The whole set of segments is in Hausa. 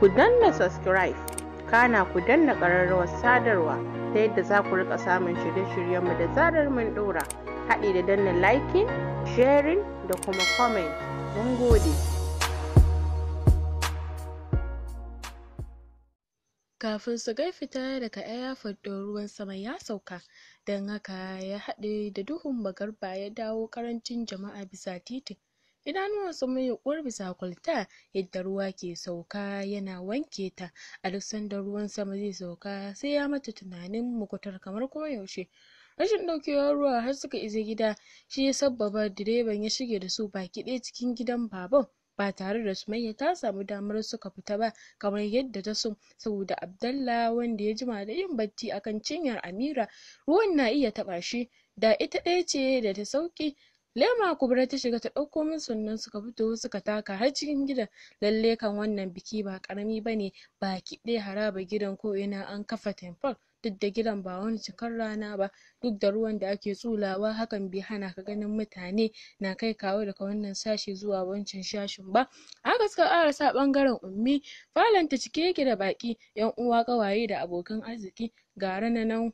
ku danna subscribe kana ku danna ƙararrawar sadarwa ta yadda za ku rika samun shirye-shiryenmu da zarar mun ɗora haɗi da danna liking sharing da kuma comment mun gode kafin su gai fita daga airport ɗin ruwan sama ya sauka don haka ya haɗe da duhun bagarba ya dawo karancin jama'a bisa titin idanuwan sun mai yuƙuwar bisa kwalta yadda ruwa ke sauka yana wanke ta a duk sanda ruwan sama zai sauka sai ya mata tunanin mukutar kamar koyaushe yaushe rashin ɗaukewar ruwa har suka isa gida shi ya sabbaba direban ya shige da su baki ɗaya cikin gidan baban ba tare da Sumayya ta samu damar suka fita ba kamar yadda ta so saboda Abdallah wanda ya jima da yin bacci akan cinyar Amira ruwan na iya taɓa shi da ita ɗaya ce da ta sauki Lema Kubra ta shiga ta ɗauko min sannan suka fito suka taka har cikin gidan. Lalle kan wannan biki ba ƙarami ba ne baki ɗaya haraba gidan ko ina an kafa temple duk da gidan ba wani cikar rana ba duk da ruwan da ake tsulawa hakan bai hana ka ganin mutane na kai kawo daga wannan sashi zuwa wancan sashin ba haka suka sa bangaren ummi falon cike yake da baki yan uwa ƙawaye da abokan arziki gara na nan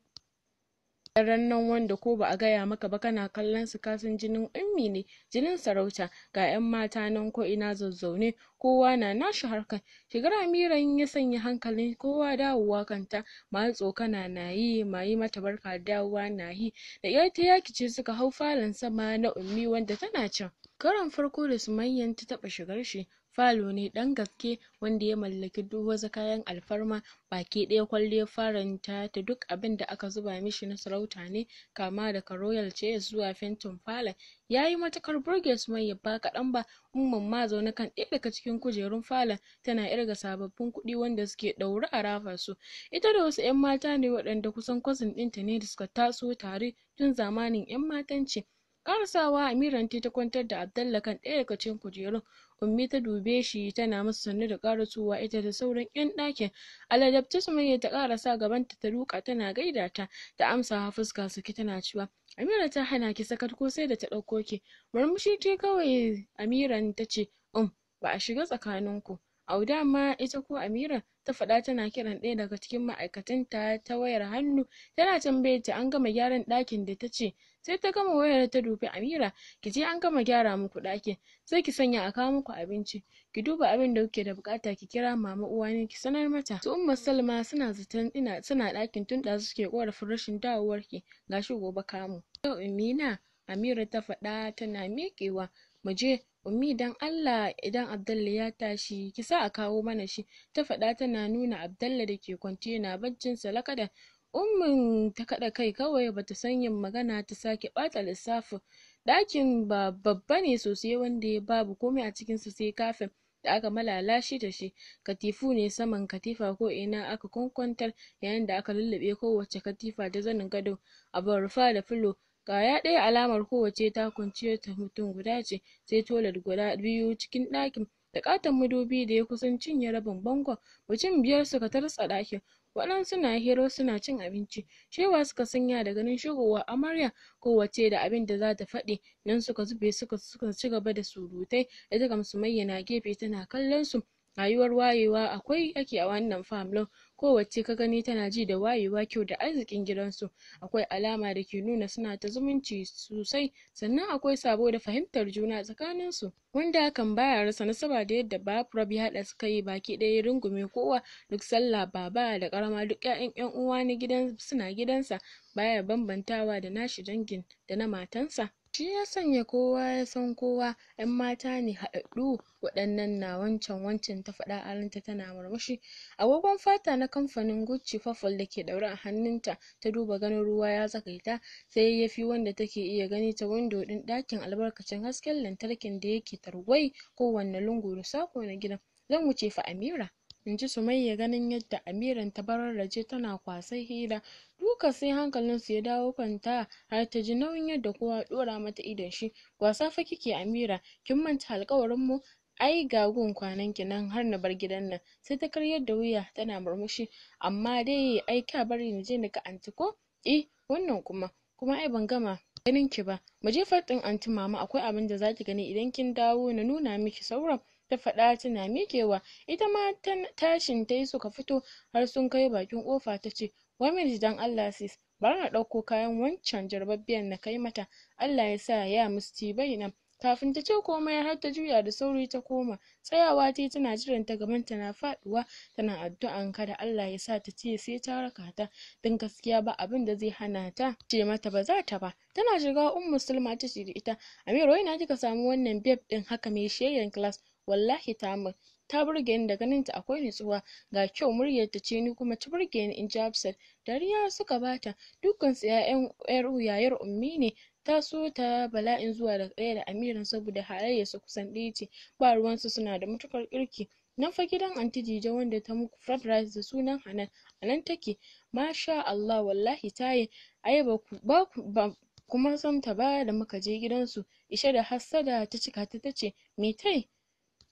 yaran nan wanda ko ba a gaya maka ba kana kallon su kasan jinin ummi ne jinin sarauta ga yan mata nan ko ina zazzaune kowa na nashi harkar shigar amiran ya sanya hankalin kowa dawowa kanta masu tsokana na yi mayi mata barka dawowa na yi da iyar ta yakice suka hau falon sama na ummi wanda tana can karon farko da sumayyan ta taba shigar shi Falo ne ɗan gaske wanda ya mallaki duk wasu kayan alfarma baki ɗaya kwalliyar farin ta duk abin da aka zuba mishi na sarauta ne kama daga royal chase zuwa fentin falon yayi matuƙar burge su ya ba kaɗan ba Umman ma zaune kan ɗaya daga cikin kujerun falon tana irga sababbin kuɗi wanda suke ɗaure a rafa su ita da wasu 'yan mata ne waɗanda kusan kwasin ɗinta ne da suka taso tare tun zamanin ƴan matanci Karasawa Amiranti ta kwantar da abdalla kan ɗaya daga cikin kujeru, Ummi ta dube shi tana masa sannu da karasuwa ita da sauran 'yan ɗakin. Aladabta su Sumayya ta sa gabanta ta ruka tana gaida ta, ta amsa fuska suke tana cewa Amira ta hana ki sakar ko sai da ta ɗauko ki. Murmushi ta kawai Amiran ta ce, Um, ba a shiga tsakaninku. auda ma ita ko amira ta faɗa tana kiran ɗaya daga cikin ma'aikatanta ta wayar hannu tana tambaye ta an gama gyaran ɗakin da ta ce sai ta gama wayar ta dubi amira ki je an gama gyara muku ɗakin sai ki sanya a kawo muku abinci ki duba abin da kuke da bukata ki kira mama uwa ne ki sanar mata su umma salma suna zaton ina suna ɗakin tun da suke korafin rashin dawowar ki gashi gobe kamu yau amina amira ta faɗa tana miƙewa mu je Ummi dan Allah idan Abdalla ya tashi ki sa a kawo mana shi ta faɗa tana nuna Abdalla da ke kwantena yana baccin sa lakada Ummin ta kaɗa kai kawai bata san yin magana ta sake ɓata lissafin ɗakin ba babba ne sosai wanda ya babu komai a sa sai kafin da aka malala shi da shi katifu ne saman katifa ko ina aka kwankwantar yayin da aka lullube kowace katifa da zanin gado abin rufa da filo ya ɗaya alamar kowace takunciyar ta mutum guda ce, sai toilet guda biyu cikin ɗakin da ƙaton madubi da ya kusan cinye rabin bangon. Mutum biyar suka tartsa ɗakin, waɗansu na hira suna cin abinci. Shewa suka sanya da ganin shigowa amarya, Kowace da abin da za ta faɗi, nan suka zube suka ci gaba da surutai, ita gamsu mayyana gefe tana kallon su. rayuwar wayewa akwai ake a wannan farm kowacce ka gani tana ji da wayewa kyau da arzikin gidansu akwai alama da ke nuna suna ta zumunci sosai sannan akwai sabo da fahimtar juna tsakanin su wanda hakan baya rasa nasaba da yadda Baprob ya haɗa suka yi baki ɗaya rungume kowa duk sallah baba da karama duk ƴaƴan ƴan uwa na gidan suna gidansa baya bambantawa da nashi dangin da na matansa Shi ya sanya kowa ya san kowa, 'yan mata ne haɗaɗɗu waɗannan na wancan wancan ta faɗa a tana murmushi. Agogon fata na kamfanin Gucci Purple da ke ɗaure a hannunta ta duba ganin ruwa ya tsagaita sai yayyafi wanda take iya gani ta windo ɗin ɗakin albarkacin hasken lantarkin da yake tarwai kowanne lungu da saƙo na gidan. Zan wuce fa Amira. in ji Sumayya ganin yadda Amiran ta bararraje tana kwasai hira. Duka sai hankalinsu ya dawo kwanta har ta ji nauyin yadda kowa ya ɗora mata idon shi. Wasa fa kike Amira, kin manta alƙawarinmu? Ai ga gun kwanan ki nan har na bar gidan nan. Sai ta karyar da wuya tana murmushi. Amma dai ai ka bari na je na ga anti ko? Eh, wannan kuma. Kuma ai ban gama ganin ki ba. Mu je faɗin anti mama akwai abin da zaki gani idan kin dawo na nuna miki sauran. ta faɗa tana miƙewa ita ma tashin ta suka fito har sun kai bakin ƙofa ta ce wai minti dan Allah sis bari na ɗauko kayan wancan jarbabbiyar na kai mata Allah ya sa ya musti bai nan kafin ta ce komai har ta juya da sauri ta koma tsayawa ta tana jiran ta gaban ta na faduwa tana addu'an kada Allah ya sa ta ce sai ta raka ta don gaskiya ba abin da zai hana ta ce mata ba za ta ba tana shiga ummu musulma ta ce da ita Amiru wai na kika samu wannan babe din haka mai shegen class wallahi ta mun ta burge ni da ganin ta akwai nutsuwa ga kyau muryar ta ce ni kuma ta burge ni inji Hafsat dariya suka bata dukkan su ƴaƴan yayar ummi ne ta so ta bala'in zuwa da ɗaya da amiran saboda halayyar su kusan ɗaya ce ba ruwan suna da matukar kirki nan fa gidan anti Dije wanda ta muku fried rice da sunan Hanan a nan take masha Allah wallahi yi ai ba ku ba ku ba kuma san ta ba da muka je gidansu ishe da hassada ta cika ta tace me tai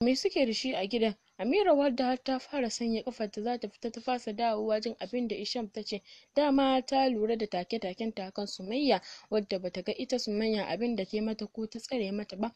Me suke da shi a gidan? Amira wadda har ta fara sanya kafarta za ta fita ta fasa dawowa jin abin da Isham ta ce. Dama ta lura da take-taken ta kan Sumayya wadda bata ga ita Sumayya abin da ta mata ko ta tsare mata ba.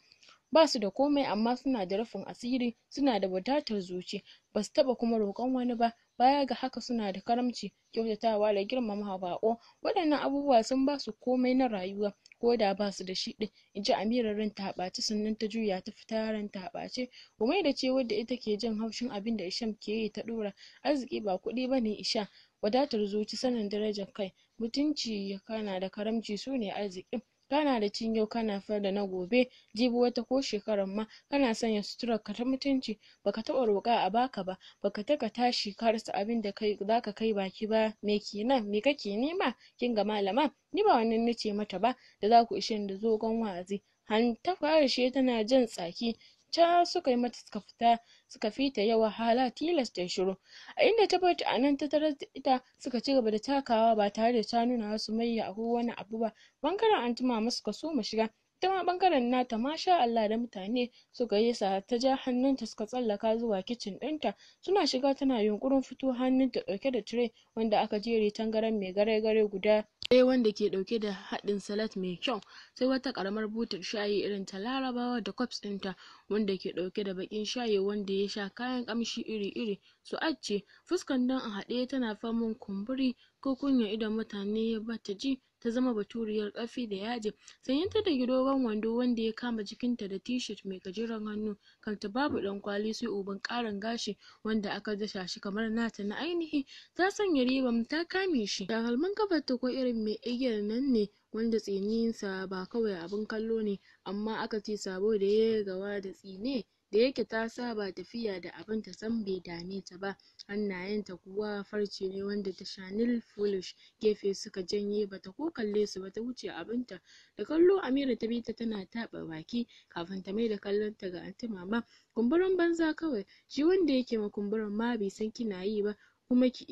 Ba su da komai amma suna da rufin asiri, suna da wadatar zuci, ba su taɓa kuma roƙon wani ba, baya ga haka suna da karamci, kyautatawa da girmama baƙo. Waɗannan abubuwa sun ba su komai na rayuwa. ko da ba su da shi ɗin in ji Amira ran ta ɓaci sannan ta juya ta fita ta ɓaci kuma da ce wadda ita ke jan haushin abin da Isham ke yi ta ɗora arziki ba kuɗi ba ne Isha wadatar zuci sanin darajar kai mutunci kana da karamci su ne arzikin kana da cin yau kana fara da na gobe jibi wata ko shekaran ma kana sanya suturar ka ta mutunci baka taɓa roƙa a baka ba baka taka tashi ka rasa abin da kai zaka kai baki ba me kenan me kake nema kin ga malama ni ba wannan nace mata ba da za ku ishe da zogon wa'azi han ta fara shi tana jan tsaki ta suka yi mata suka fita suka fita yawa hala tilas shiru a inda ta bar a nan ta tarar da ita suka ci gaba da takawa ba tare da ta nuna wasu mayya ko wani abu ba bangaren anti mama suka so mu shiga ita ma bangaren nata masha Allah da mutane suka yi sa ta ja hannunta suka tsallaka zuwa kicin ɗinta suna shiga tana yunkurin fito hannunta ɗauke da tire wanda aka jere tangaran mai gare-gare guda ɗaya wanda ke ɗauke da haɗin salad mai kyau, sai wata ƙaramar butar shayi irin ta Larabawa da cups ɗinta wanda ke ɗauke da baƙin shayi wanda ya sha kayan ƙamshi iri-iri, su ajiye fuskar don a haɗe tana faman kumburi ko kunyan idon mutane bata ji ta zama baturiyar ƙarfi da yaji ta da dogon wando wanda ya kama jikinta da t-shirt mai gajeren hannu kanta babu ɗan kwali sai uban ƙarin gashi wanda aka dasa shi kamar nata na ainihi ta sanya ribam ta kame shi takalmin kafarta ko irin mai igiyar nan ne wanda tsininsa ba kawai abin kallo ne amma aka ce sabo da ya gawa da tsine Da yake ta saba tafiya da abin san bai dame ta ba, hannayen ta kuwa farce ne wanda ta sha nil polish gefe suka janye bata ko kalle su ba ta wuce ta da kallo Amira ta bi ta tana taɓa baki kafin ta maida ta ga anti Mama, kumburin banza kawai, shi wanda yake ma kumburin ma bai san kina yi ba kuma ki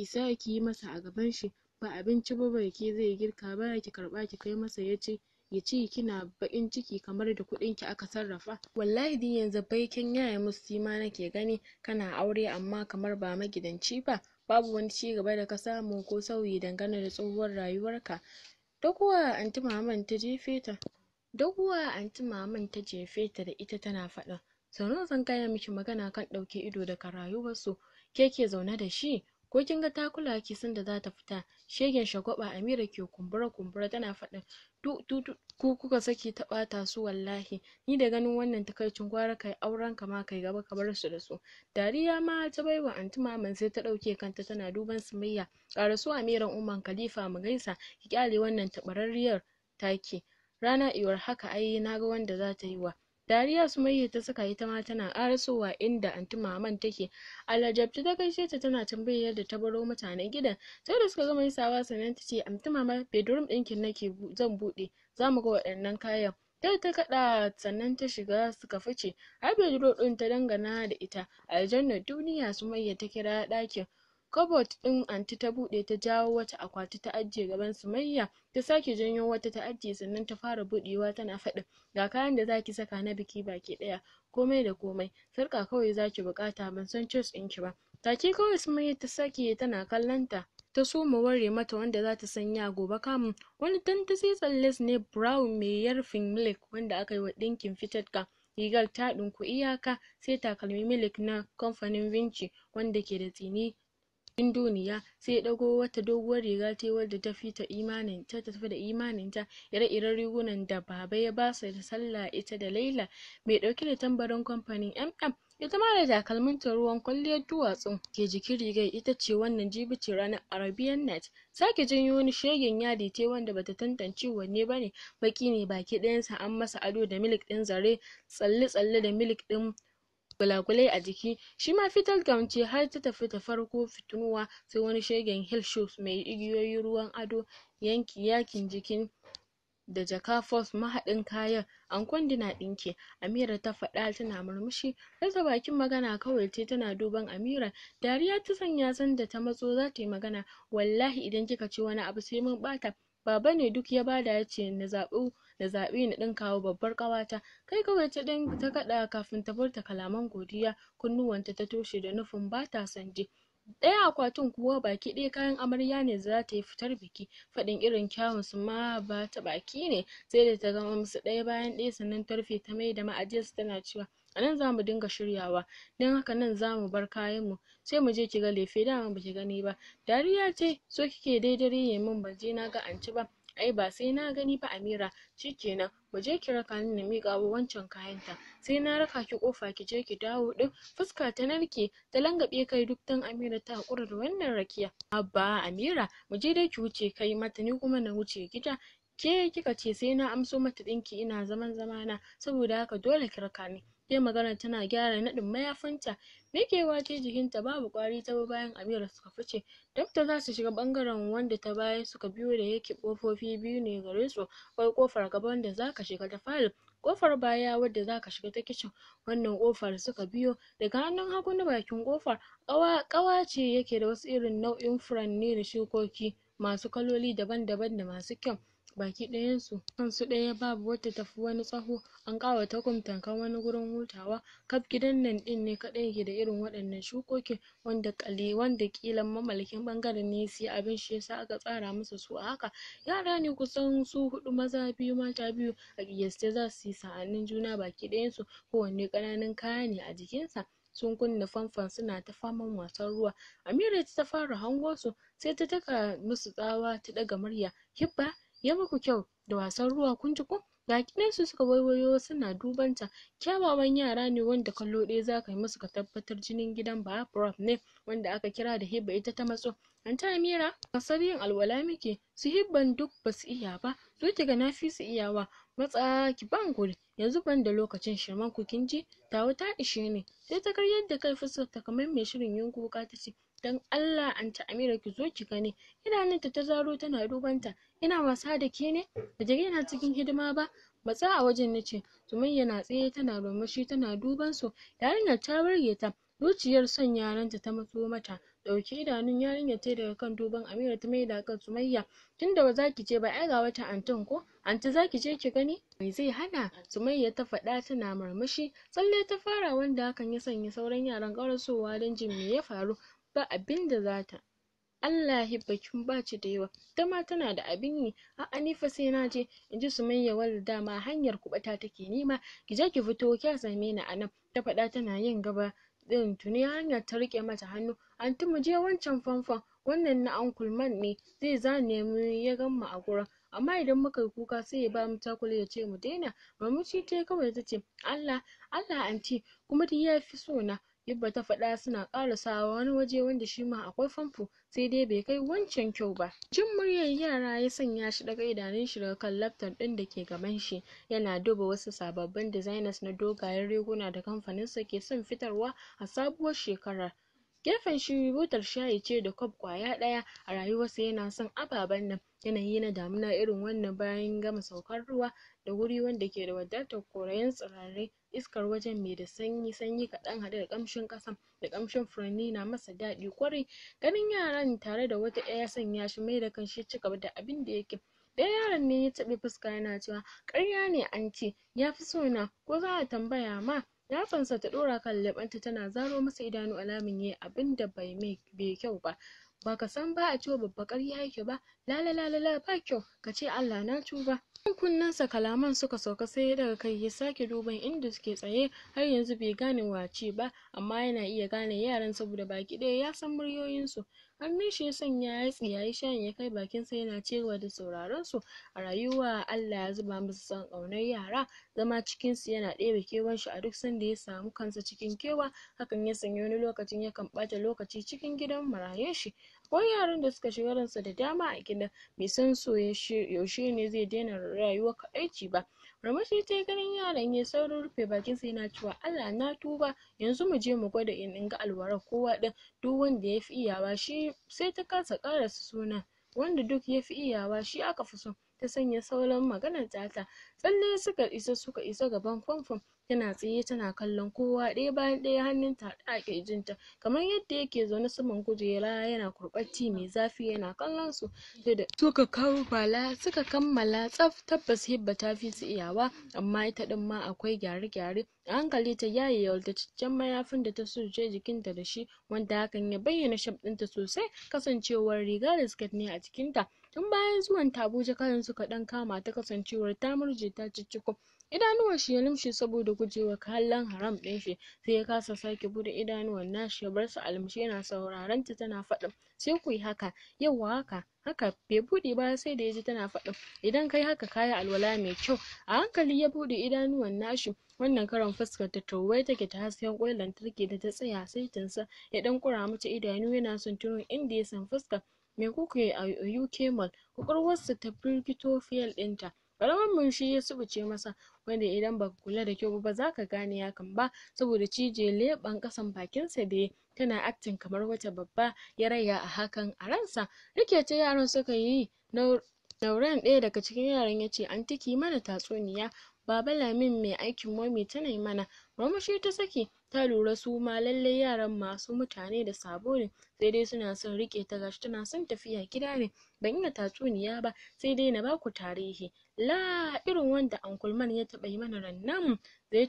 isa kiyi masa a gaban shi, ba abinci ba baki zai girka ba ki karba ki kai masa yace. ya ce kina baƙin ciki kamar da kuɗin ki aka sarrafa wallahi din yanzu baiken yaya musu ma nake gani kana aure amma kamar ba magidanci ba babu wani ci gaba da ka samu ko sauyi dangane da tsohuwar rayuwarka dakuwa anti maman ta jefe ta dakuwa anti maman ta jefe ta da ita tana faɗa sau zan gaya miki magana kan ɗauke ido daga rayuwarsu ke ke zaune da shi ko kin ga takula kula ki da za ta fita shegen shagwaba amira ke kumbura kumbura tana faɗin ku kuka saki ta ɓata su wallahi ni da ganin wannan takaicin gwara kai auren ka ma kai gaba ka bar su da su dariya ma ta baiwa anti maman sai ta ɗauke kanta tana duban sumayya ƙarasu amiran umman khalifa mu gaisa ki kyale wannan taɓararriyar taki rana iwar haka ai naga wanda za ta yi wa Dariya Sumayya ta saka ita ma tana ƙarasowa inda antimaman maman take. Alajabci ta gaishe ta tana tambayar yadda ta baro mutanen gidan. Sai da suka gama isawa sannan ta ce anti mama bedroom ɗinkin nake zan buɗe za mu ga waɗannan kayan. Ta ta kaɗa sannan ta shiga suka fice. Har bedroom ɗin ta dangana da ita. Aljannar duniya Sumayya ta kira ɗakin. Kabod din anti ta buɗe ta jawo wata akwati ta ajiye gaban Sumayya, ta sake janyo wata ta ajiye sannan ta fara buɗewa tana faɗin, "Ga kayan da zaki saka na biki baki ɗaya, komai da komai, sarƙa kawai zaki bukata buƙata ban san choice ɗinki ba." Take kawai Sumayya ta sake tana kallon ta. ta soma ware mata wanda zata ta sanya gobe kamun wani sai les ne brown mai yarfin milik wanda aka yi wa ɗinkin fitarka rigar ta ɗinku iyaka sai takalmi milik na kamfanin vinci wanda ke da tsini Duniya sai ya ɗago wata doguwar riga tai wadda ta tafi da imaninta, ire-iren rigunan da Baba ya su da sallah ita da Laila mai ɗauke da tambarin kamfanin mm ita ma da takalminta ruwan kwalliyar duwatsun ke jikin rigar ita ce wannan jibi ce ranar Arabian night, sake janyo wani shegen yadi tai wanda bata tantance wanne bane, baƙi ne baki ɗayansa an masa ado da milik ɗin zare, tsalle-tsalle da milik ɗin gulagulai a jiki shi ma fitar da har ta tafi ta farko fitinuwa sai wani shegen hill shoes mai igiyoyin ruwan ado yanki yakin jikin da jaka fos mahaɗin kayan ankon dina ɗinki amira ta faɗa tana murmushi rasa bakin magana kawai ce tana duban amira dariya ta sanya sanda ta matso za ta yi magana wallahi idan kika ce wani abu sai mun bata baba ne duk ya bada ya ce na zaɓi da zaɓi na ɗin kawo babbar ƙawata kai kawai ta ɗan ta kaɗa kafin ta furta kalaman godiya kunnuwanta ta toshe da nufin ba ta son je. ɗaya akwatin kuwa baki ɗaya kayan amarya ne za ta yi fitar biki faɗin irin kyawun su ma ba ta baki ne sai da ta gama musu ɗaya bayan ɗaya sannan ta rufe ta mai da su tana cewa a nan za mu dinga shiryawa don haka nan za mu bar kayanmu sai mu je ki ga lefe dama ba ki gani ba dariya ce so kike dai dare ya min ban je na ga anci ba ai ba sai na gani ba Amira shikenan mu je ki raka ni na miƙa wa wancan kayanta sai na raka ki kofa ki je ki dawo din fuska ta narke ta langabe kai duk dan Amira ta hakura da wannan rakiya abba Amira mu je dai ki wuce kai mata ni kuma na wuce gida ke kika ce sai na amso mata ɗinki ina zaman zamana saboda haka dole ki raka ni sai magana tana gyara naɗin mayafinta miƙewa ce jikinta babu ƙwari ta bayan Amira suka fice dokta za su shiga ɓangaren wanda ta baya suka biyo da yake ƙofofi biyu ne gare su akwai ƙofar gaba wanda za shiga ta fayil ƙofar baya wadda zaka shiga ta kicin wannan ƙofar suka biyo daga hannun hagu na bakin ƙofar ƙawa ce yake da wasu irin nau'in furanni da shukoki masu kaloli daban-daban da masu kyau baki ɗayansu kansu ɗaya babu wata tafi wani tsaho an ƙawata gun tamkar wani gurin hutawa kaf gidan nan ɗin ne kaɗai yake da irin waɗannan shukoki wanda wanda ƙila mamallakin ɓangaren ne ya siya abin shi yasa aka tsara musu su a haka yara ne kusan su huɗu maza biyu mata biyu a ƙiyasce su yi sa'annin juna baki ɗayansu kowanne ƙananun kaya ne a jikinsa sun kunna famfon suna ta faman wasan ruwa Amira ta fara hango su sai ta daka musu tsawa ta ɗaga murya hibba ya muku kyau da wasan ruwa kun ji ko ga su suka waiwayo suna duban ta kyawawan yara ne wanda kallo ɗaya zaka yi musu ka tabbatar jinin gidan prof ne wanda aka kira da Hibba ita ta matso anti Amira kasar yin alwala muke su Hibban duk basu iya ba zo ki ga na fi su iyawa matsa ki ban guri yanzu ban da lokacin shirman ku kin ji tawa ta ishe ni sai ta karyar da kai fuskar ta kamar mai shirin yin kuka ta ce dan Allah Anta Amira ki zo ki gani idanunta ta zaro tana dubanta ina wasa da ke ne da jiri yana cikin hidima ba matsa a wajen nace Sumayya na tsaye tana murmushi tana duban su yarinyar ta burge ta zuciyar son yaranta ta matso mata dauki idanun yarinyar ta daga kan duban Amira ta da kan Sumayya tunda ba za ki je ba ai ga wata antin ko anti za ki je ki gani me zai hana Sumayya ta faɗa tana murmushi tsalle ta fara wanda hakan ya sanya sauran yaran karasowa don jin me ya faru ba abinda za zata Allahi bakin baci da yawa ma tana da abin yi a'a ni fa sai in ji Sumayya wadda dama hanyar kuɓuta take nema Ki je ki fito kya same ni a nan. ta faɗa tana yin gaba ɗin tuni hanyar ta riƙe mata hannu mu je wancan famfon wannan na uncle man ne zai za nemi ya gan mu a gurin amma idan muka yi kuka sai ya bamu cakula ya ce mu daina murmushi tayi kawai ta ce. Allah Allah anty kuma duk fi so na Hibba ta faɗa suna sawa wani waje wanda shi ma akwai famfo sai dai bai kai wancan kyau ba. Jin muryar yara ya sanya shi ɗaga idanun shi daga kan laptop ɗin da ke gaban shi yana duba wasu sababbin designers na dogayen riguna da kamfaninsa ke son fitarwa a sabuwar shekarar. Gefen shi butar shayi ce da kwab kwaya ɗaya a rayuwarsa yana son ababen nan yanayi na damuna irin wannan bayan gama saukar ruwa da wuri wanda ke da wadatar korayen tsirrai iskar wajen mai da sanyi sanyi kaɗan haɗe da ƙamshin ƙasa da ƙamshin furanni na masa daɗi kwarai ganin yaran tare da wata ɗaya sanya shi mai da kanshi ci gaba da abin da yake ɗaya yaron ne ya taɓa fuska yana cewa ƙarya ne an ce ya fi so na ko za a tambaya ma yatsansa ta ɗora kan leɓenta tana zaro masa idanu alamin yayi abin da bai mai bai kyau ba ba ka san ba a cewa babba ƙarya yake ba lala lala la ba kyau ka ce Allah na tuba kan kunnensa kalaman suka sauka sai ya daga kai ya sake duban inda suke tsaye har yanzu bai gane wace ba amma yana iya gane yaran saboda baki ɗaya ya san muryoyinsu hannun shi ya sanya ya tsiyayi shayin ya kai bakin sa yana cewa da sauraron su a rayuwa Allah ya zuba musu son ƙaunar yara zama cikin su yana ɗebe kewan shi a duk sanda ya samu kansa cikin kewa hakan ya sanya wani lokacin yakan ɓata lokaci cikin gidan marayun shi Akwai yaran da suka shiga ransu da dama a gida bai san so yaushe ne zai daina rayuwar kaɗaici ba. Murmushi ta yi ganin yaran ya saurin rufe bakinsa yana cewa Allah na tuba yanzu mu je mu gwada in in ga alwarar kowa ɗin duk wanda ya fi iyawa shi sai ta kasa ƙarasa suna wanda duk ya fi iyawa shi aka fi so. ta sanya sauran maganar tata tsalle suka isa suka isa gaban famfo tana tsaye tana kallon kowa ɗaya bayan ɗaya hannun hannunta a ƙirjinta kamar yadda yake zaune saman kujera yana kurɓacci mai zafi yana kallon su suka kawo suka kammala tsaf tabbas hibba ta fi su iyawa amma ita ɗin ma akwai gyare-gyare a hankali ta yaye yaltaccen mayafin da ta suce jikinta da shi wanda hakan ya bayyana shaf ta sosai kasancewar riga da siket ne a jikinta tun bayan zuwan ta Abuja karin suka ɗan kama ta kasancewar ta murje ta cicciko Idanuwan shi ya lumshe saboda gujewa kallon haram ɗin shi, sai ya kasa sake buɗe idanuwan nashi ya bar su a yana sauraron ta tana faɗin sai ku yi haka, yau haka, haka bai buɗe ba sai da ya ji tana faɗin idan kai haka kayi alwala mai kyau. A hankali ya buɗe idanuwan nashi wannan karan fuskar ta turwaye take ta hasken ƙwan lantarki da ta tsaya sai sa ya ɗan ƙura mata idanu yana son tuno inda ya san fuskar. Me kuke a UK Mall? Ƙwaƙwalwarsa ta firgito fiyal ɗinta. ƙaramin murmushi ya subuce masa wanda idan baka kula da kyau ba za ka gane hakan ba saboda cije leɓen ƙasan bakinsa da ya tana aktin kamar wata babba ya raya a hakan a ransa rike ta yaran suka yi nauran ɗaya daga cikin yaran ya ce an tiki mana tatsuniya baba lamin mai aikin momi tana mana murmushi ta saki ta lura su ma lallai yaran masu mutane da sabo ne sai dai suna son riƙe ta gashi tana son tafiya gida ne ban iya tatsuniya ba sai dai na baku tarihi la irin wanda Uncle ya taɓa yi mana rannan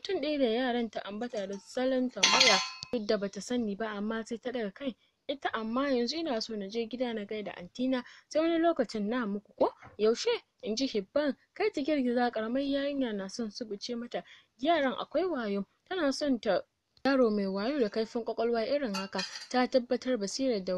tun ɗaya da yaran ta ambata da salon tambaya duk da bata sani ba amma sai ta daga kai ita amma yanzu ina so na je gida na gaida antina sai wani lokacin na muku ko yaushe in ji hibban kai ta girgiza karamar yarinya na son su bice mata yaran akwai wayo tana son ta yaro mai wayo da kaifin kwakwalwa irin haka ta tabbatar basirar da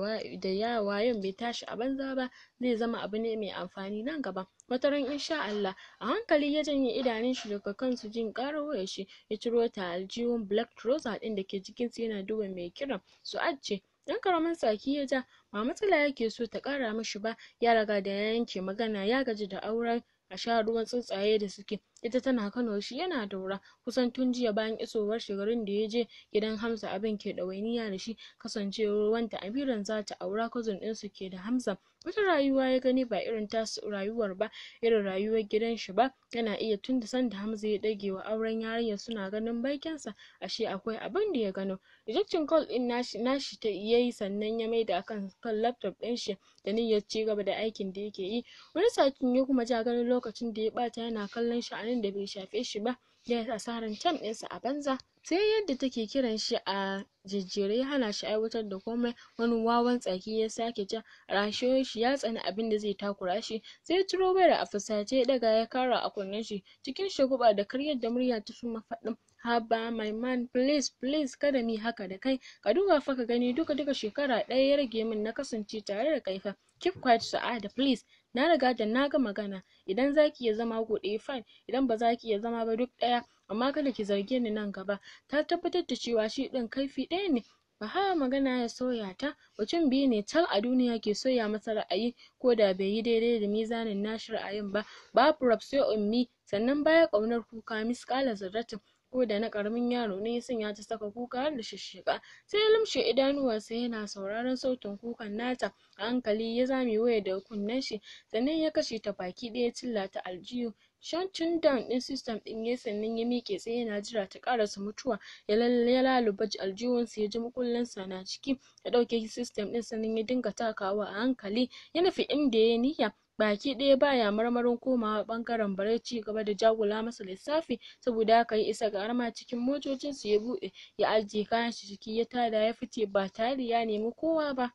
ya da wayon bai tashi a banza ba zai zama abu ne mai amfani nan gaba wataran insha Allah a hankali ya janye idanun shi daga kansu jin karo wayar shi ya ciro ta aljihun black trouser din da ke jikin sa yana duba mai kiran su ajiye. dan karamin tsaki ya ja ba matsala yake so ta kara mishi ba ya riga da ya yanke magana ya gaji da auren a sha ruwan tsuntsaye da suke ita tana Kano shi yana Daura kusan tun jiya bayan isowar shi garin da ya je gidan Hamza abin ke ɗawainiya da shi kasancewar wanda Amiran za ta aura cousin ɗinsu ke da Hamza wata rayuwa ya gani ba irin tasu rayuwar ba irin rayuwar gidan shi ba yana iya tun san da Hamza ya dage wa auren yarinyar suna ganin baikensa ashe akwai abin da ya gano rejection call din nashi nashi ta yayi sannan ya maida akan kan laptop din shi da niyyar ci gaba da aikin da yake yi wani sakin ya kuma ja ganin lokacin da ya bata yana kallon shi a amfanin da bai shafe shi ba ya yi asarar tam ɗinsa a banza sai yadda take kiran shi a jejjere ya hana shi aiwatar da komai wani wawan tsaki ya sake ja rashe shi ya tsani abin da zai takura shi sai ciro da a fusace daga ya kara a kunnen shi cikin shaguɓa da karyar da murya ta suma faɗin haba my man please please kada mi haka da kai ka duba fa ka gani duka duka shekara ɗaya ya rage min na kasance tare da kai fa keep quiet sa'ada please na riga da na ga magana idan zaki iya zama ku ɗaya eh fine idan ba zaki iya zama ba duk ɗaya amma kada ki zargi ni nan gaba ta tabbatar da cewa shi ɗin kaifi ɗaya ne ba ha magana ya soya ta mutum biyu ne tal a duniya ke soya masa ra'ayi ko da bai yi daidai da mizanin nashi ra'ayin ba babu rab sai ummi sannan baya ƙaunar kuka kala zarratin ko da na karamin yaro ne ya sanya ta saka kuka har da shishika. sai ya idanuwarsa yana sauraron sautin kukan nata a hankali ya zame waya da kunnen shi sannan ya kashe ta baki ɗaya cilla ta aljihu Shantun down ɗin system ɗin ya sannan ya miƙe tsaye yana jira ta ƙarasa mutuwa ya laluba aljihunsa ya ji mukullinsa na ciki ya ɗauke system ɗin sannan ya dinga takawa a hankali ya nufi inda ya niyya baki ɗaya baya marmarin komawa ɓangaren bare ci gaba da jagula masa lissafi saboda haka ya isa ga arma cikin su ya buɗe ya ajiye kayan shi ciki ya tada ya fice ba tare ya nemi kowa ba.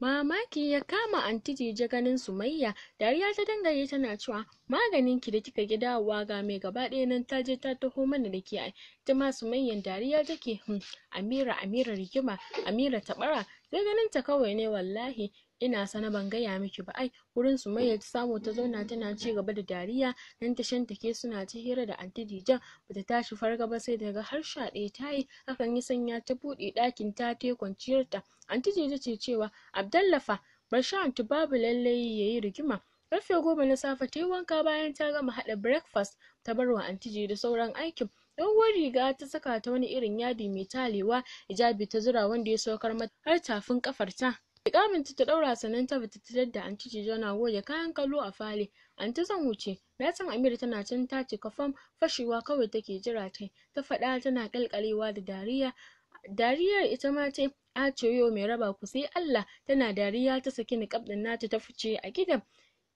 mamaki ya kama anti jeje ganin sumayya dariya ta dangare tana cewa maganin ki da kika gida wa ga mai gaba ɗaya nan ta je ta taho mana da ke ai ita ma sumayyan dariya take hmm amira amira rigima amira taɓara sai ganin ta kawai ne wallahi ina sana ban gaya miki ba ai wurin Sumayya ta samu ta zauna tana ci gaba da dariya nan ta shantake suna ta hira da anti Dijan bata tashi farga ba sai daga har sha ɗaya yi hakan ya sanya ta buɗe ɗakin ta ta kwanciyar ta anti Dijan ce cewa abdallafa bar sha anti babu lallai yayi rigima karfe goma na safe ta yi wanka bayan ta gama haɗa breakfast ta barwa wa antije da sauran aikin doguwar riga ta saka ta wani irin yadi mai talewa hijabi ta zura wanda ya saukar mata har tafin kafarta Liƙaminta ta ɗaura sannan ta fita ta da anti Jijo na goge kayan kallo a fale. Anti zan wuce, na san Amir tana can ta ce kafam fashewa kawai take jira ta ta faɗa tana kalkalewa da dariya. Dariyar ita ma ce a yau mai raba ku sai Allah tana dariya ta saki niƙab ɗin nata ta fice a gidan.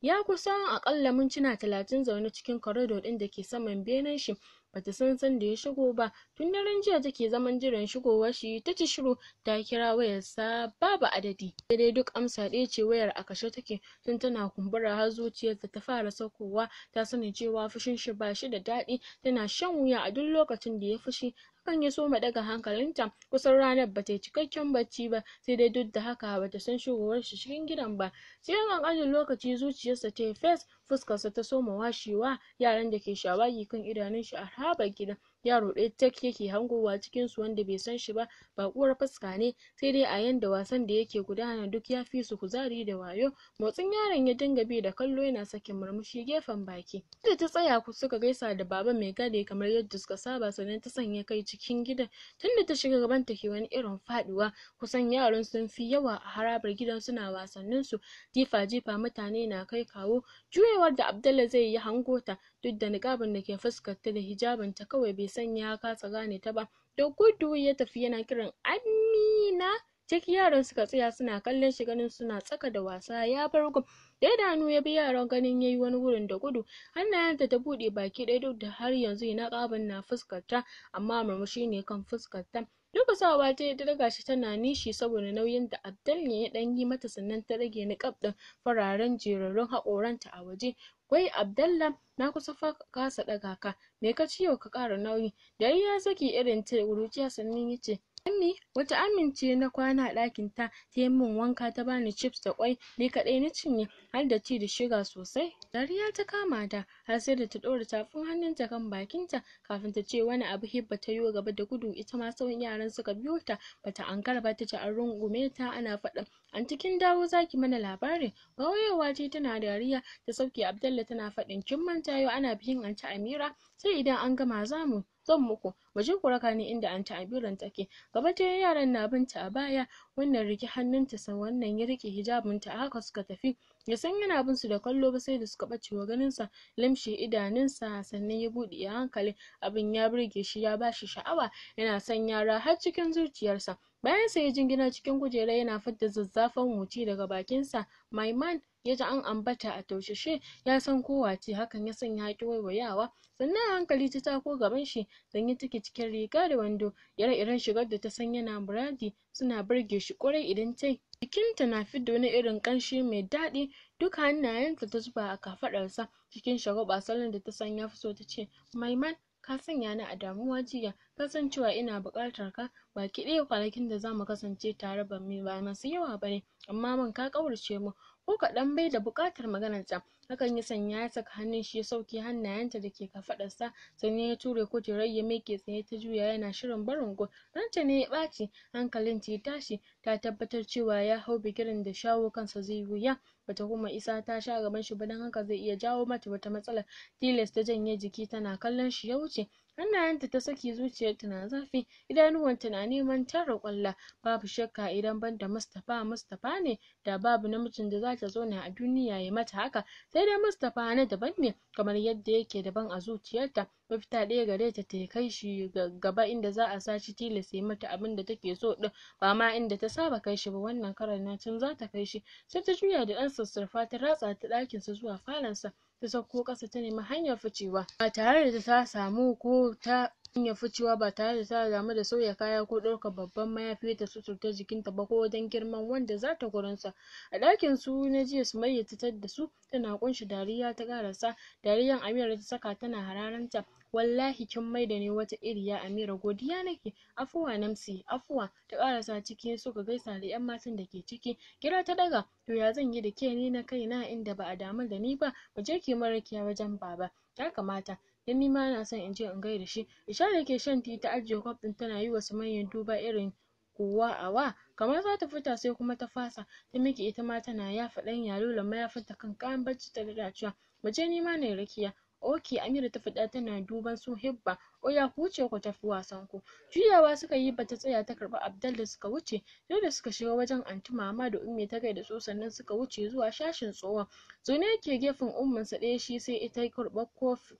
Ya kusan aƙalla mintuna talatin zaune cikin korido ɗin da ke saman benen shi bata san san da ya shigo ba tun daren jiya take zaman jiran shigowar shi ta ci shiru ta kira wayarsa babu adadi sai dai duk amsa ɗaya ce wayar a kashe take tun tana kumbura har zuciyarta ta fara saukowa ta sani cewa fushin shi ba shi da daɗi tana shan wuya a duk lokacin da ya fushi hakan ya so ma daga hankalinta kusan ranar ba ta yi cikakken bacci ba sai dai duk da haka ba ta san shigowar shi cikin gidan ba sai cikin ƙanƙanin lokaci zuciyarsa ta yi fes fuskarsa ta soma washewa yaran da ke shawagi kan idanun shi a harabar gidan yaro ɗaya tak yake hangowa cikin su wanda bai san shi ba baƙuwar fuska ne sai dai a yanda wasan da yake gudana duk ya fi su kuzari da wayo motsin yaron ya dinga bi da kallo yana sakin murmushi gefen baki da ta tsaya ku suka gaisa da baba mai gade kamar yadda suka saba sannan ta sanya kai cikin gidan tunda ta shiga gaban ta ke wani irin faduwa kusan yaran sun fi yawa a harabar gidan suna wasannin su jifa jifa mutane na kai kawo juyewar da Abdallah zai yi hango ta duk da niƙabin da ke fuskarta da hijabinta kawai bai sanya ya kasa gane ta ba da gudu ya tafi yana kiran Amina Cik yaran suka tsaya suna kallon shi ganin suna tsaka da wasa ya bar gum. Da dawo ya bi yaran ganin yayi wani wurin da gudu. Hannayenta ta buɗe baki ɗaya duk da har yanzu ina ƙaban na fuskarta amma murmushi ne kan fuskarta. durƙusawa ta yi daga shi tana nishi saboda nauyin da Abdul ne ya ɗan yi mata sannan ta rage niƙab ɗin fararen jerarrun haƙoranta a waje wai Abdallah na kusa fa kasa ɗaga ka me ka ci yau ka ƙara nauyi dariya ya saki irin ta rukiya sannan ya ce Ammi wata amince na kwana a ɗakin ta, ta min wanka ta bani cifs da kwai ni kaɗai na cinye har da ci da shiga sosai. Dariya ta kama da, har sai da ta ɗora tafin hannunta kan bakinta kafin ta ce wani abu Hibba ta yi gaba da gudu ita ma sauran yaran suka biyo ta bata ankara ba ta ce an rungume ta ana faɗa anti kin dawo zaki mana labarin wawayowa ce tana dariya ta sauke Abdallah tana faɗin kin manta yau ana bikin anti Amira sai idan an gama zamu zan muku mu je ku raka ni inda anti abiran take gaba ta yaran na binta a baya wannan rike hannunta san wannan ya rike hijabinta a haka suka tafi ya san yana bin su da kallo ba sai da suka bace wa ganin sa limshe idanunsa sannan ya bude a hankali abin ya burge shi ya bashi sha'awa yana son yara har cikin zuciyarsa bayan sa ya jingina cikin kujera yana fidda zazzafan huci daga bakinsa my man ya ji an ambata a tausashe ya san kowa ce hakan ya sanya ya ki waiwayawa sannan hankali ta tako gaban shi sanye take cikin riga da wando ire-iren shigar da ta san yana muradi suna burge shi kwarai idan ta jikinta na fidda wani irin ƙanshi mai daɗi duk hannayenta ta zuba a kafaɗarsa cikin shagwaɓa salon da ta san ya fi so ta ce maiman ka sanya ni a damuwa jiya ka san cewa ina buƙatar ka baki ɗaya kwanakin da za mu kasance tare ba mai ba masu yawa ne amma man ka ƙaurace mu ko kaɗan bai da buƙatar maganarta hakan ya sanya ya saka hannun shi ya sauke hannayenta da ke sa sannan ya ture kujerar ya miƙe tsaye ta juya yana shirin barin gun ranta ne ya ɓaci hankalin ta ya tashi ta tabbatar cewa ya hau bigiren da shawo kansa zai wuya bata kuma isa ta sha gaban shi ba don haka zai iya jawo mata wata matsala tilas ta janye jiki tana kallon shi ya wuce hannayenta ta saki zuciyarta na zafi idanuwanta na neman tara kwalla babu shakka idan banda Mustapha Mustapha ne da babu namijin da zata zauna a duniya ya mata haka sai dai Mustapha na daban ne kamar yadda yake daban a zuciyarta mafita ɗaya gareta ta kai shi gaba inda za a sa shi tilas yayi mata abinda take so din ba ma inda ta saba kai shi ba wannan karan na can zata kai shi sai ta juya da ɗan sassarfa ta ratsa ta ɗakinsa zuwa falonsa. ta sauko ƙasa ta nemi hanyar ficewa ba tare da ta samu ko ta fi ficewa ba tare da ta damu da sauya kaya ko ɗaukar babban mayafi ta suturta jikinta ba ko wajen girman wanda za ta gurinsa a ɗakin su na jiya Sumayya ta da su tana ƙunshi dariya ta ƙarasa dariyan Amira ta saka tana hararanta wallahi kin maida ne wata iriya Amira godiya nake afuwa Namsi afuwa ta ƙarasa ciki suka gaisa da yan matan da ke ciki kira ta ɗaga to ya zan yi da ke ni na kaina inda ba a damu da ni ba mu je ki mara wajen baba ya kamata dan nima ina son in je in gaida shi da ke shan tea ta ajiye kwaf ɗin tana yi wa manyan duba irin kowa awa kamar za ta fita sai kuma ta fasa ta miƙe ita ma tana yafa ɗan yalo da mayafinta kan kayan bacci ta cewa mu je nima nayi rakiya ok Amira ta faɗa tana duban su Hibba ko ku wuce ku tafi wasan ku juyawa suka yi bata tsaya ta karɓi abdal da suka wuce dole suka shiga wajen anti mama da ummi ta gaida su sannan suka wuce zuwa sashin tsohon zaune yake gefen umman sa ɗaya shi sai ita karɓa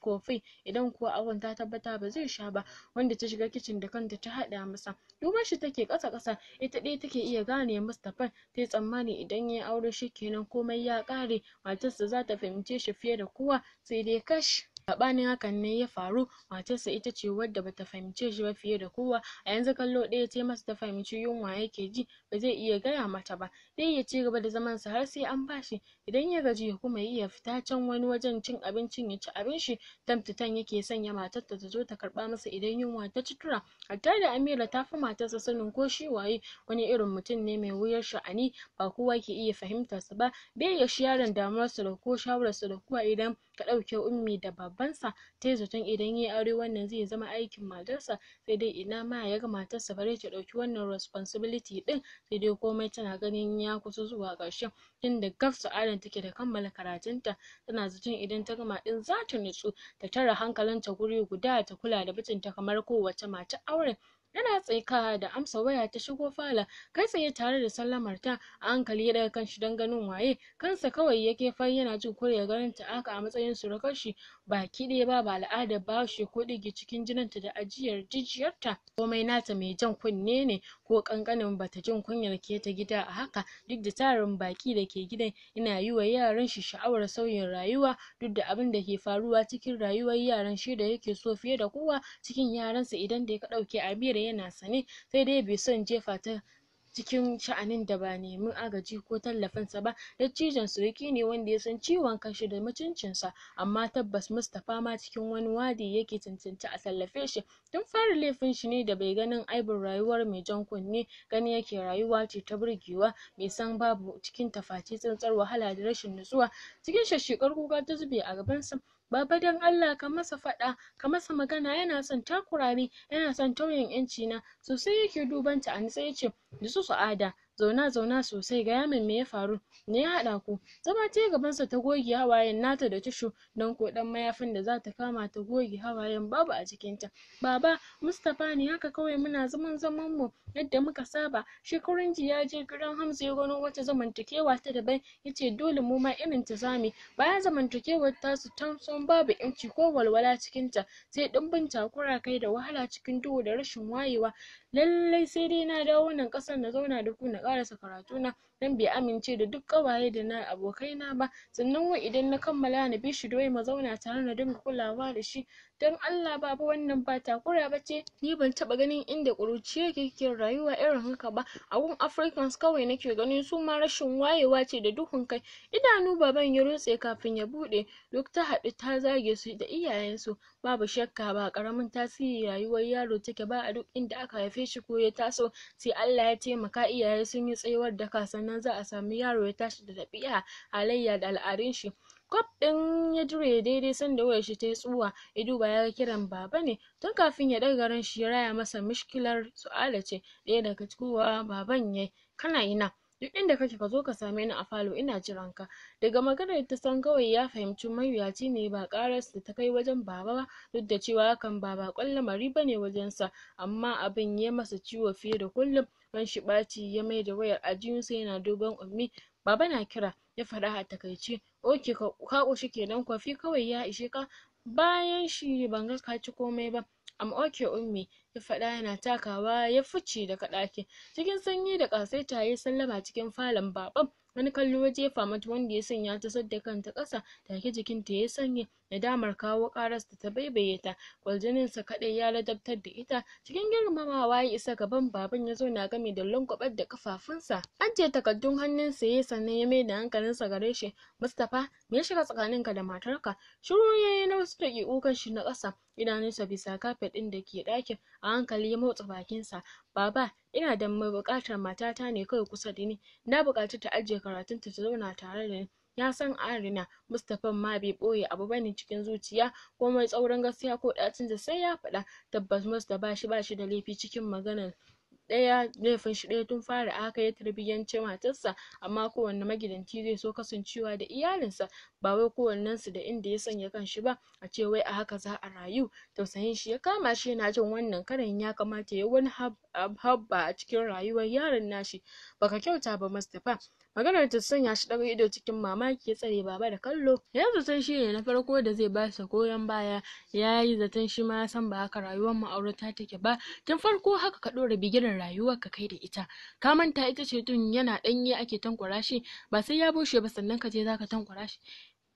kofi idan kuwa awon ta tabbata ba zai sha ba wanda ta shiga kicin da kanta ta haɗa masa duban shi take ƙasa ƙasa ita ɗaya take iya gane Mustapha ta yi tsammani idan ya yi aure shikenan komai ya ƙare matarsa za ta fahimce shi fiye da kowa sai dai kash Saɓanin hakan ne ya faru, matarsa ita ce wadda bata fahimce shi ba fiye da kowa, a yanzu kallo ɗaya ce masa ta fahimci yunwa yake ji, ba zai iya gaya mata ba. zai iya cigaba da zaman sa har sai an bashi idan ya gaji ya kuma yi ya fita can wani wajen cin abincin ya ci abin shi tam-ta-tan yake sanya matar ta zo ta karba masa idan yunwa ta ci tura hatta da Amira ta fi matarsa sanin ko shi waye wani irin mutum ne mai wuyar sha'ani ba kowa ke iya fahimtar sa ba bai ya shi yaron damuwar sa da ko shawarar sa da kuwa idan ka ɗauke ummi da babansa yi zaton idan yayi aure wannan zai zama aikin matarsa sai dai ina ma ya ga matarsa bare ta ɗauki wannan responsibility din sai dai komai tana ganin ya kusa zuwa ƙarshen inda gaf sa'adan take da kammala karatunta tana zaton idan ta gama ɗin za ta nutsu ta tara hankalinta guri guda ta kula da mijinta kamar kowace mata aure yana tsaika da amsa waya ta shigo fala kai tsaye tare da sallamar ta a hankali ya daga kanshi don ganin waye kansa kawai yake fa yana jin kurya ganin ta aka a matsayin surukar shi baki ɗaya ba ba al'adar bashi ko ɗige cikin jininta da ajiyar jijiyarta komai nata mai jan kunne ne ko ƙanƙanin bata jin kunyar keta gida a haka duk da tarin baƙi da ke gidan yana yi wa yaran shi sha'awar sauyin rayuwa duk da abin da ke faruwa cikin rayuwar yaran shi da yake so fiye da kowa cikin yaransa idan da ya ɗauke Amira yana sane sai dai bai son jefa ta cikin sha'anin da ba nemi agaji ko tallafinsa ba dattijon suriki ne wanda ya san ciwon kanshi da mutuncinsa, amma tabbas Mustapha ma cikin wani wadi yake cancanci a tallafe shi tun fara laifin shi ne da bai ganin aibin rayuwar mai jan kunne gani yake rayuwa ce ta burgewa mai san babu cikin ta face tsantsar wahala da rashin nutsuwa cikin shashshekar kuka ta zube a gaban sa baba dan Allah ka masa faɗa ka masa magana yana son takurari yana son tauyin ƴanci na sosai yake duban ta a nitse yace su su'ada zauna zauna sosai gaya min me ya faru me ya haɗa ku zama tayi gabansa ta goge hawayen nata da tishu don ko ɗan mayafin da za ta kama ta goge hawayen babu a cikinta. baba Mustapha ne haka kawai muna zaman zaman mu yadda muka saba shi shekaran ya je gidan Hamza ya gano wata zamantakewa ta daban yace dole mu ma irin ta zamu bayan zamantakewar ta tasu tamson babu 'yanci, ko walwala cikin ta sai ɗumbin takura kai da wahala cikin duhu da rashin wayewa lallai sai dai na dawo nan ƙasan na zauna da ku na ƙarasa karatuna dan bai amince da duk ƙawaye da na abokai na ba sannan wai idan na kammala na bi shi wai mu zauna tare na dinga kulawa da shi dan Allah Babu wannan ba takura bace ni ban taɓa ganin inda ƙuruciya ke rayuwa irin haka ba a gun Africans kawai nake ganin su ma rashin wayewa ce da duhun kai idanu baban ya rutse kafin ya buɗe duk ta haɗu ta zage su da iyayensu babu shakka ba ƙaramin tasiri rayuwar yaro take ba a duk inda aka haife shi ko ya taso sai Allah ya taimaka iyaye sun yi tsayuwar da nan za a samu yaro ya tashi da ɗabi'a halayya da al'adun shi kwaf ɗin ya jure daidai sanda wayar shi ta yi tsuwa ya duba ya ga kiran baba ne tun kafin ya ɗaga ran shi ya raya masa mishkilar su'ala ce ɗaya daga cikin kowa baban yayi kana ina duk inda kake ka zo ka same ni a falo ina jiran ka daga maganar ta san kawai ya fahimci mawuyaci ne ba karar da ta kai wajen baba ba duk da cewa hakan ba baƙon lamari bane wajen sa amma abin ya masa ciwo fiye da kullum shi ɓaci ya mai da wayar aljihunsa yana dogon ummi baba na kira ya faɗa a takaice oke ka ƙoshi kenan kwafi kawai ya ishe ka bayan shi ban ga ka ci komai ba am oke ummi ya faɗa yana takawa ya fice daga ɗakin cikin sanyi da ƙasaita yayi sallama cikin falon baban wani kallo ya jefa mata wanda ya sanya ta sadda kanta ƙasa take jikinta ya sanya nadamar kawo da ta baibaye ta sa kaɗai ya ladabtar da ita cikin girmamawa ya isa gaban baban ya zo na game da lankwabar da kafafunsa ajiye takardun hannunsa ya sannan ya maida hankalinsa gare shi mustapha me ya shiga tsakaninka da matarka shiru ya yi na wasu daƙiƙu kan shi na ƙasa idanunsa bisa kafet ɗin da ke ɗakin a hankali ya motsa bakinsa baba ina da mabuƙatar matata ne kawai kusa da ni na buƙaci ta ajiye karatunta ta zauna tare da ni ya san Arina Mustapha ma bai ɓoye abu bane cikin zuciya komai tsaurin gaskiya ko ɗacin da sai ya faɗa tabbas Mustapha shi bashi da laifi cikin maganar ɗaya laifin shi ɗaya tun fara a haka ya tarbiyyance matarsa amma kowanne magidanci zai so kasancewa da iyalinsa ba wai kowannensu da inda ya sanya kanshi ba a ce wai a haka za a rayu tausayin shi ya kama shi yana jin wannan karin ya kamata ya wani habba a cikin rayuwar yaron nashi baka kyauta ba Mustapha maganar ta sanya shi ɗaga ido cikin mamaki ya tsare baba da kallo ya zaton shi ne na farko da zai basa koyon baya ya yi zaton shi ma ya san ba haka rayuwar ma'aurata take ba tun farko haka ka ɗora bigiran rayuwar ka kai da ita ka manta ita ce tun yana ɗanye ake tankwara shi ba sai ya bushe ba sannan ka je za ka tankwara shi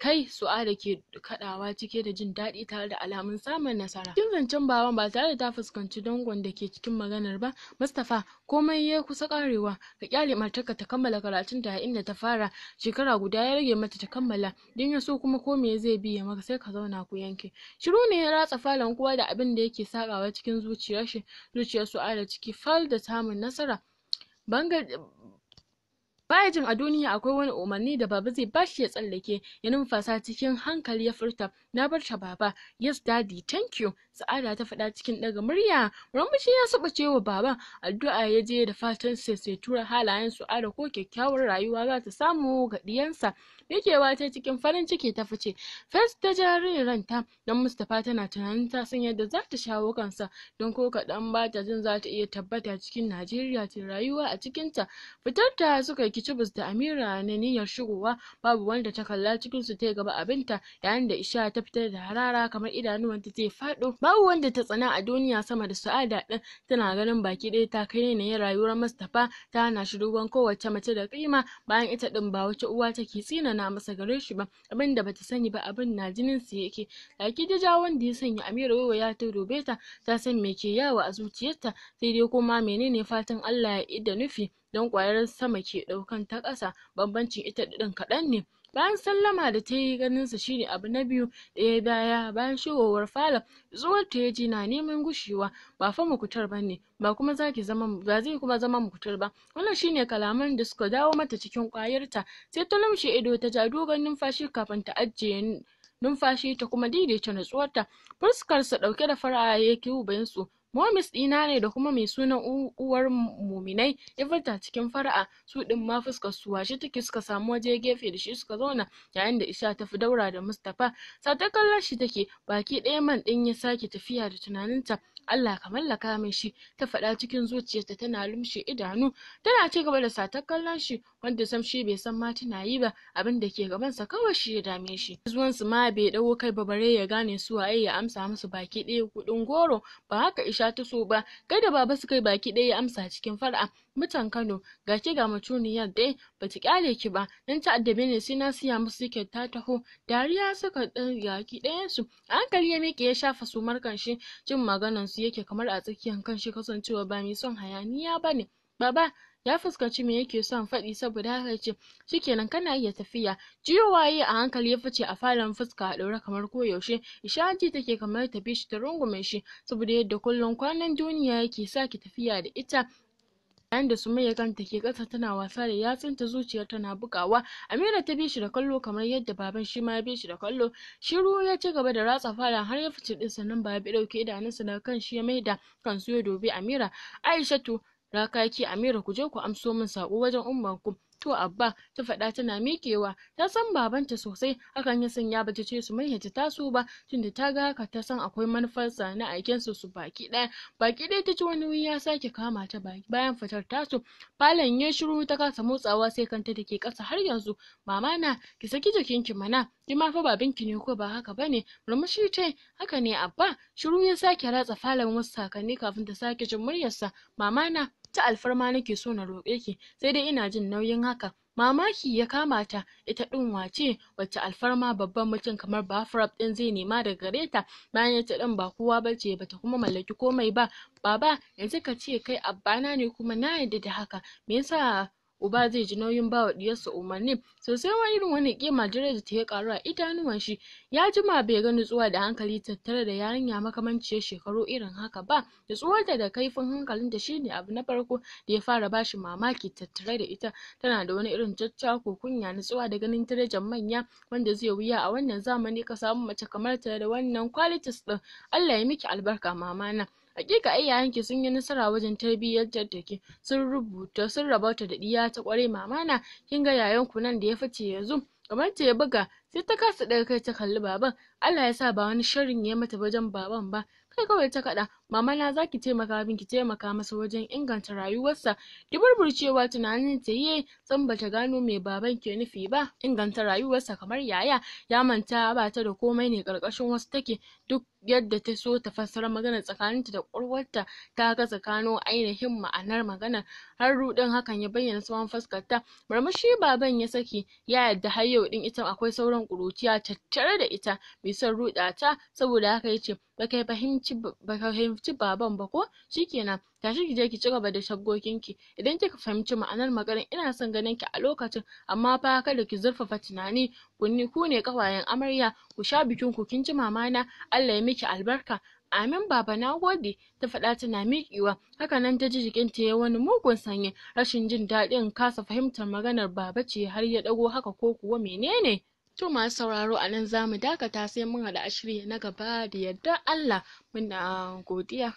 kai Su'ada ke kaɗawa cike da jin daɗi tare da alamun samun nasara. kin zancen bawan ba tare da ta fuskanci dangon da ke cikin maganar ba, Mustapha komai ya kusa karewa ka kyale matarka ta kammala karatun a inda ta fara shekara guda ya rage mata ta kammala, din ya so kuma ko me zai biya maka sai ka zauna ku yanke. Shiru ne ya ratsa falon kowa da abin da yake sakawa cikin zuciyar shi, zuciyar Su'ada ciki fal da samun nasara. baya jin a duniya akwai wani umarni da baba zai ba shi ya tsallake ya numfasa cikin hankali ya furta na bar ta baba yes daddy thank you Sa'ada ta faɗa cikin ɗaga murya. Murmushi ya suɓace wa baban addu'a ya je da fatan tura halayen su'ada ko kyakkyawar rayuwa za ta samu ga ɗiyansa. Mikewa ta cikin farin ciki ta fice. Fes ta jarin ranta don Mustapha tana tunanin ta san yadda za ta shawo kansa don ko kaɗan ba ta jin za ta iya tabbata cikin Najeriya ta rayuwa a cikinta. Fitar ta suka yi kicibus da Amira na niyyar shigowa babu wanda ta kalla cikinsu ta gaba abinta yayin da Isha ta fitar da harara kamar idanuwanta zai faɗo. Babu wanda ta tsana a duniya sama da Sa'ada ɗin tana ganin baki ɗaya ta kai ne rayuwar Mustapha ta hana shi duban kowace mace da kima bayan ita din ba wata uwa take tsina na masa gare shi ba abinda bata sani ba abin na jinin su yake. Laki jaja wanda ya sanya Amira wayo ya ta dube ta ta san me ke yawa a zuciyarta sai dai kuma menene fatan Allah ya ida nufi don kwayar sama ke ɗaukan ta ƙasa bambancin ita ɗin kaɗan ne. bayan sallama da ta yi ganinsa shine abu na biyu da ya baya bayan shigowar falon zuwar ta ya ji na neman gushewa ba fa mukutar ba ne ba kuma zai kuma zama mukutar ba wannan shine kalaman da suka dawo mata cikin kwayarta sai ta lumshe ido ta ja dogon numfashi kafin ta ajiye numfashi ta kuma daidaita natsuwarta fuskarsa ɗauke da fara'a ya kiwo bayansu Momis ɗina ne da kuma mai sunan uwar muminai ya cikin fara'a su ɗin ma fuskar su washe take suka samu waje gefe da shi suka zauna yayin da Isha ta fi daura da Mustapha. ta kallon shi take baki ɗaya man ɗin ya sake tafiya da tunaninta Allah ka mallaka mai shi ta faɗa cikin zuciyarta tana lumshe idanu tana ci gaba da satar kallon shi wanda sam shi bai san ma tana yi ba abin da ke sa kawai shi ya dame shi zuwan su ma bai dawo kai ba bare ya gane su waye ya amsa musu baki ɗaya kuɗin goro ba haka isha ta so ba kai da baba su kai baki ɗaya ya amsa cikin fara'a mutan Kano ga ki ga mutuniyar dai ta kyale ki ba dan ta addabe ne sai na siya musu ke ta taho dariya suka ga ki ɗayan su hankali ya miƙe ya shafa sumar kanshi jin maganan su yake kamar a tsakiyar kanshi kasancewa ba mai son hayaniya bane baba ya fuskanci me yake son faɗi saboda haka ce shikenan kana iya tafiya jiyo waye a hankali ya fice a falon fuska a ɗaura kamar koyaushe ishaji take kamar ta bi shi ta rungume shi saboda yadda kullum kwanan duniya yake sake tafiya da ita yayin da Sumayya kanta ke ƙasa tana wasa da yatsun ta zuciyar tana bugawa Amira ta bi shi da kallo kamar yadda baban shi ma ya bi shi da kallo shiru ya ci gaba da ratsa fara har ya fice din sannan ba ya bi dauke idanunsa daga kan shi ya da kansu ya dobi Amira Aishatu Rakaki Amira ku je ku amso min sako wajen umman To Abba ta faɗa tana miƙewa ta san babanta sosai hakan ya sanya bata ce su mai ta taso ba tunda ta ga haka ta san akwai manufarsa na aiken su su baki ɗaya baki ɗaya ta ci wani wuri ya sake kama ta baki bayan fitar tasu falon ya shiru ta kasa motsawa sai kanta da ke ƙasa har yanzu mama na ki saki jikinki mana ki ma fa babinki ne ko ba haka bane murmushi ce haka ne Abba shiru ya sake ratsa falon wasu sakanni kafin ta sake jin muryarsa mama na ta alfarma nake so na roƙe ki sai dai ina jin nauyin haka mamaki ya kama ta ita ɗin wace wacce alfarma babban mutum kamar Bafrap ɗin zai nema daga gare ta bayan ita ɗin ba kowa bace bata kuma mallaki komai ba baba yanzu ka ce kai abbana ne kuma na yarda da haka me yasa uba zai ji nauyin ba bawa diyarsa umarni sosai wa irin wani kima da ta ya karu a idanuwan shi ya jima bai ga nutsuwa da hankali tattare da yarinya makamanciyar shekaru irin haka ba nutsuwar da da kaifin hankalin shi ne abu na farko da ya fara bashi mamaki tattare da ita tana da wani irin ko kunya nutsuwa da ganin darajar manya wanda zai wuya a wannan zamani ka samu mace kamar ta da wannan qualities din Allah ya miki albarka mama na Hakika iyayenki sun yi nasara wajen tarbiyyar da sun rubuta sun rabauta da ɗiya ta ƙwarai mamana, kin ga yayanku nan da ya fice yanzu. kamar ta ya buga sai ta kasa daga kai ta kalli baban Allah ya sa ba wani shirin ya mata wajen baban ba kai kawai ta kaɗa mama na zaki taimaka min ki taimaka masa wajen inganta rayuwarsa ki burburcewa tunanin ta yi san bata gano mai baban ke nufi ba inganta rayuwarsa kamar yaya ya manta ba ta da komai ne karkashin wasu take duk yadda ta so ta fassara maganar tsakaninta da kurwarta ta ga tsakano ainihin ma'anar magana. har ruɗin hakan ya bayyana tsawon ta murmushi baban ya saki ya yadda har yau din ita akwai sauran ƙuruciya tattare da ita bai son ruɗa ta saboda haka ya ce ba fahimci ba fahimci baban ba ko shikenan tashi ki je ki ci gaba da ki idan kika fahimci ma'anar maganar ina son ganin ki a lokacin amma fa kada ki zurfafa tunani kunni ku ne kawayen amarya ku sha bikin ku kin ji mamana Allah ya miki albarka Amin baba na gode ta faɗa tana miƙewa nan ta ji jikinta ya wani mugun sanyi rashin jin daɗin kasa fahimtar maganar baba ce har ya ɗago haka ko kuwa menene To masu sauraro a nan za mu dakata sai mun haɗu a shiri na gaba da yadda Allah muna godiya.